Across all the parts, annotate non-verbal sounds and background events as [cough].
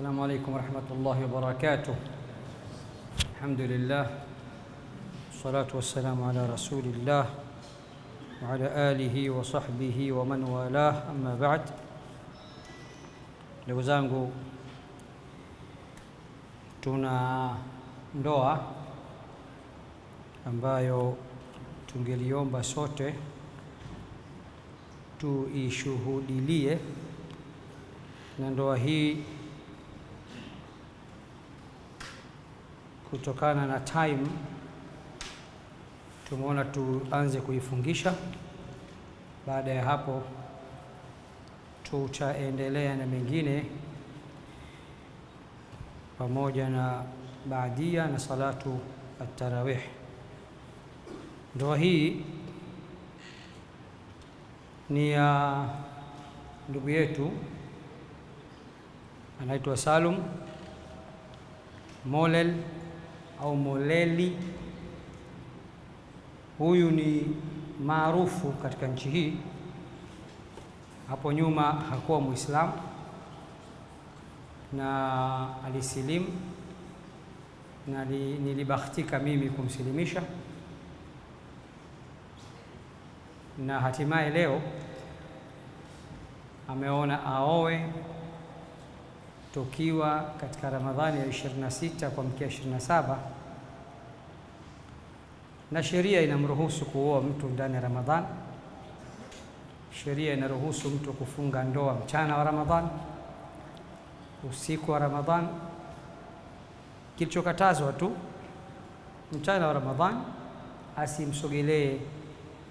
السلام عليكم ورحمة الله وبركاته الحمد لله والصلاة والسلام على رسول الله وعلى آله وصحبه ومن والاه أما بعد ndugu zangu tuna ndoa ambayo tungeliomba sote tuishuhudilie na ndoa hii kutokana na time tumeona tuanze kuifungisha. Baada ya hapo, tutaendelea na mengine pamoja na baadia na salatu at-tarawih. Ndoa hii ni ya ndugu yetu anaitwa Salum Molel au Moleli. Huyu ni maarufu katika nchi hii, hapo nyuma hakuwa Muislamu na alisilimu na li, nilibahatika mimi kumsilimisha na hatimaye leo ameona aoe tukiwa katika Ramadhani ya 26 kuamkia 27 na sheria inamruhusu kuoa mtu ndani ya Ramadhani. Sheria inaruhusu mtu kufunga ndoa mchana wa Ramadhani, usiku wa Ramadhani. Kilichokatazwa tu mchana wa Ramadhani asimsogelee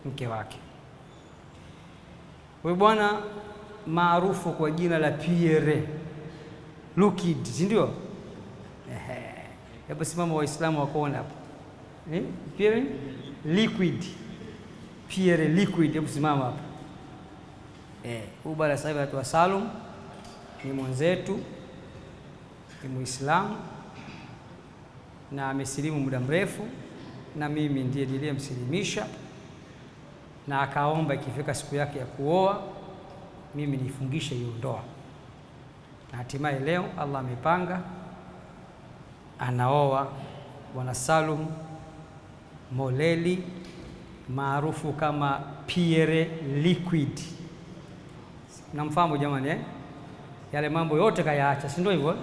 mke wake. Huyu bwana maarufu kwa jina la Pierre sindio it, si ndio? Hebu simama Waislamu wakaona hapo. Eh? Pierre liquid. Pierre liquid, hebu simama hapo. Eh, huyu bwana sahibi anaitwa Salum ni mwenzetu, ni Muislamu na amesilimu muda mrefu, na mimi ndiye niliyemsilimisha, na akaomba ikifika siku yake ya kuoa mimi nifungishe hiyo ndoa na hatimaye leo Allah amepanga anaoa Bwana Salum Moleli maarufu kama Pierre Liquid. Namfahamu jamani eh? Yale mambo yote kayaacha, si ndio hivyo?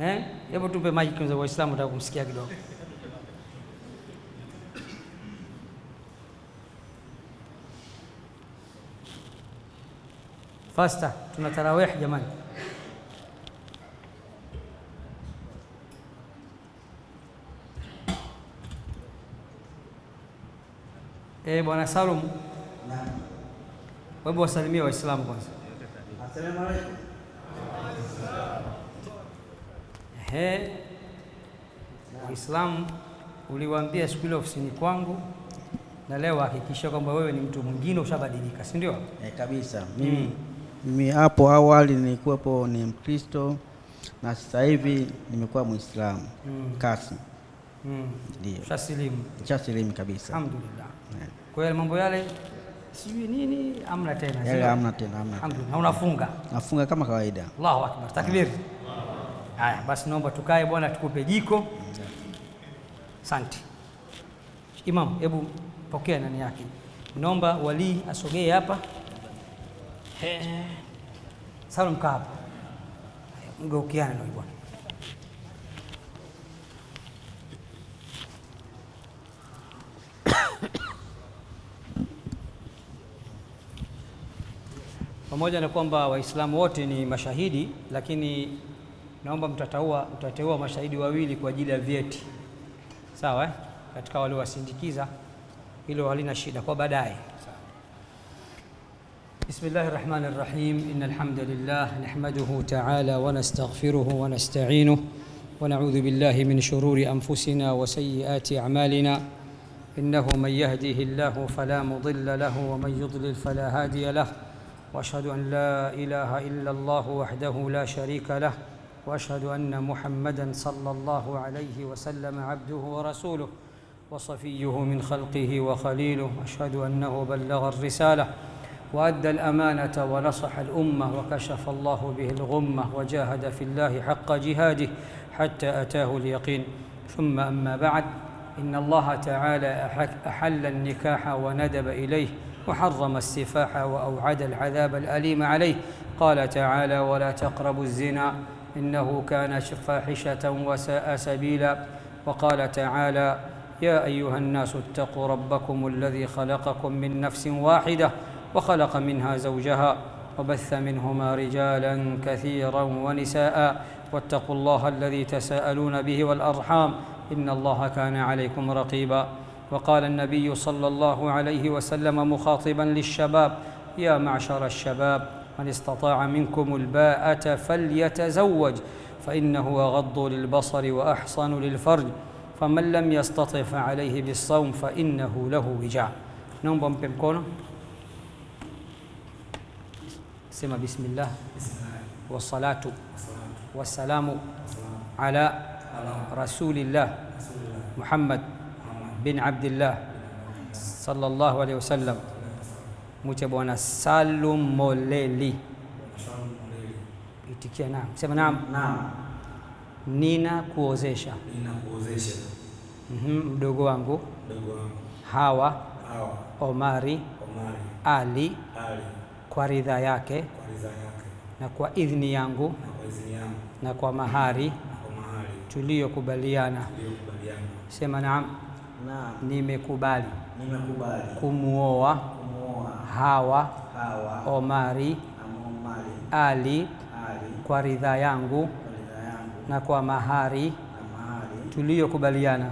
Eh? Hebu tupe maji kwanza, Waislamu nataka kumsikia kidogo. Pasta, tuna tarawih jamani. Eh, Bwana Salum, wewe wasalimie Waislamu kwanza. Asalamu alaykum. Waislamu uliwaambia siku ile ofisini kwangu na leo hakikisha kwamba wewe ni mtu mwingine ushabadilika, si ndio? Eh, kabisa. Mimi mm mi hapo awali nilikuwepo ni Mkristo na sasa hivi nimekuwa Muislamu mm. Kasi mm. ndio shasilimu shasilimu kabisa, alhamdulillah. Kwa hiyo mambo yale sijui nini amna tena, yale amna tena, amna. Alhamdulillah, unafunga nafunga kama kawaida. Allahu akbar, takbir. Haya basi, naomba tukae bwana, tukupe jiko. Asante Imam, hebu pokea nani yake. Naomba walii asogee hapa. Salum, kaa hapa, mgeukiana na bwana. [coughs] Pamoja na kwamba Waislamu wote ni mashahidi, lakini naomba mtataua mtateua mashahidi wawili kwa ajili ya vyeti, sawa eh? Katika wale wasindikiza, hilo halina shida kwa baadaye. بسم الله الرحمن الرحيم إن الحمد لله نحمده تعالى ونستغفره ونستعينه ونعوذ بالله من شرور أنفسنا وسيئات أعمالنا إنه من يهديه الله فلا مضل له ومن يضلل فلا هادي له وأشهد أن لا إله إلا الله وحده لا شريك له وأشهد أن محمدا صلى الله عليه وسلم عبده ورسوله وصفيه من خلقه وخليله أشهد أنه بلغ الرسالة وأدى الأمانة ونصح الأمة وكشف الله به الغمة وجاهد في الله حق جهاده حتى أتاه اليقين ثم أما بعد إن الله تعالى أحل النكاح وندب إليه وحرم السفاح وأوعد العذاب الأليم عليه قال تعالى ولا تقربوا الزنا إنه كان فاحشة وساء سبيلا وقال تعالى يا أيها الناس اتقوا ربكم الذي خلقكم من نفس واحدة وخلق منها زوجها وبث منهما رجالا كثيرا ونساء واتقوا الله الذي تساءلون به والارحام ان الله كان عليكم رقيبا وقال النبي صلى الله عليه وسلم مخاطبا للشباب يا معشر الشباب من استطاع منكم الباءه فليتزوج فانه اغض للبصر واحصن للفرج فمن لم يستطع عليه بالصوم فانه له وجع نوم بمكونه Sema bismillah wassalatu wassalamu ala rasulillah Muhammad bin Abdillah sallallahu alaihi wasallam. Mwite Bwana Salum Moleli, itikia naam. Sema naam. Naam. Nina kuozesha mhm. mdogo wangu, wangu hawa, hawa. Omari, Omari Ali, Ali kwa ridha yake, yake na kwa idhni yangu, na kwa mahari, mahari tuliyokubaliana. Sema naam, nimekubali kumuoa Hawa, Hawa Omari, Omari Ali, Ali kwa ridha yangu, yangu na kwa mahari, mahari tuliyokubaliana.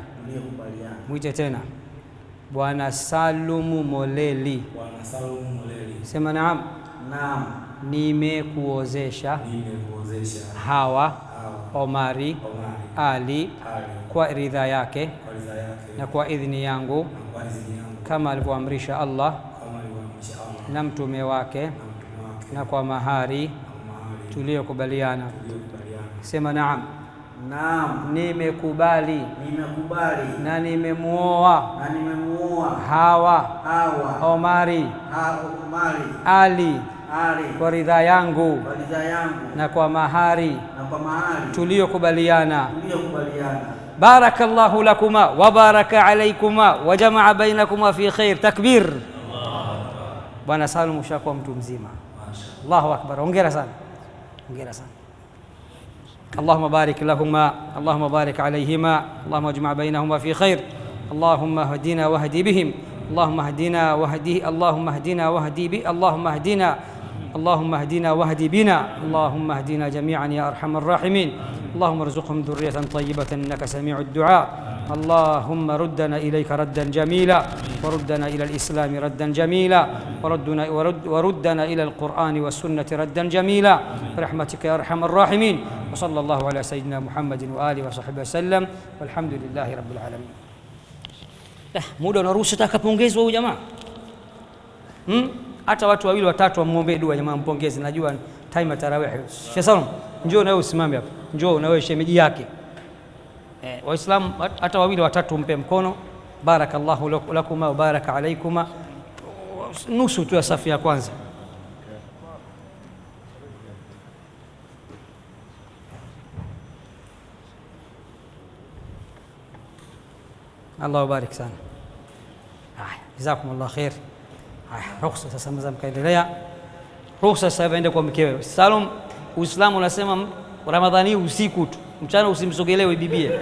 Mwite tena Bwana Salumu Moleli, Bwana Salumu Moleli Sema naam. Naam. Nimekuozesha nimekuozesha Hawa, Omari, Omari, Ali, Ali kwa ridha yake, yake na kwa idhini yangu, yangu kama alivyoamrisha Allah, Allah na mtume wake, wake na kwa mahari tuliyokubaliana. Sema naam. Naam. Nimekubali nimekubali na nimemuoa na nimemuoa Noa, Hawa, Hawa, Omari, ha Omari, Ali, Ali, kwa ridhaa yangu, kwa ridhaa yangu na kwa mahari, na kwa mahari tuliyokubaliana, tuliyokubaliana. Barakallahu lakuma wa baraka alaykuma wa jamaa bainakuma fi khair. Takbir! Bwana Salum, ushakuwa mtu mzima. Allahu akbar, hongera sana, hongera sana. Allahumma barik lahuma, Allahumma barik alayhima, Allahumma jmaa bainahuma fi khair اللهم اهدنا واهدي بهم اللهم اهدنا واهدي اللهم اهدنا واهدي بي اللهم اهدنا اللهم اهدنا واهدي بنا اللهم اهدنا جميعا يا ارحم الراحمين اللهم ارزقهم ذريه طيبه انك سميع الدعاء اللهم ردنا إليك ردا جميلا وردنا إلى الإسلام ردا جميلا وردنا ورد وردنا إلى القرآن والسنة ردا جميلا برحمتك يا أرحم الراحمين وصلى الله على سيدنا محمد وآله وصحبه وسلم والحمد لله رب العالمين muda unaruhusu takapongezwa huyu jamaa hmm? Hata watu wawili watatu wamwombee dua jamaa, mpongeze. Najua time ya tarawih. Sheikh Salum, njoo na wewe usimame hapa, njoo na wewe shemeji yake. Eh, Waislam hata wawili watatu mpe mkono, barakallahu lakuma wa baraka alaikuma, nusu tu ya safu ya kwanza. Allah wabariki sana. Haya, jazakumullah khair. Haya, ruhusa sasa, mza mkaendelea. Ruhusa sasa aende kwa mkewe. Salum, Uislamu unasema Ramadhani usiku tu, mchana usimsogelewe bibie.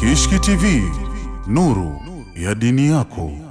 Kishki TV, nuru ya dini yako.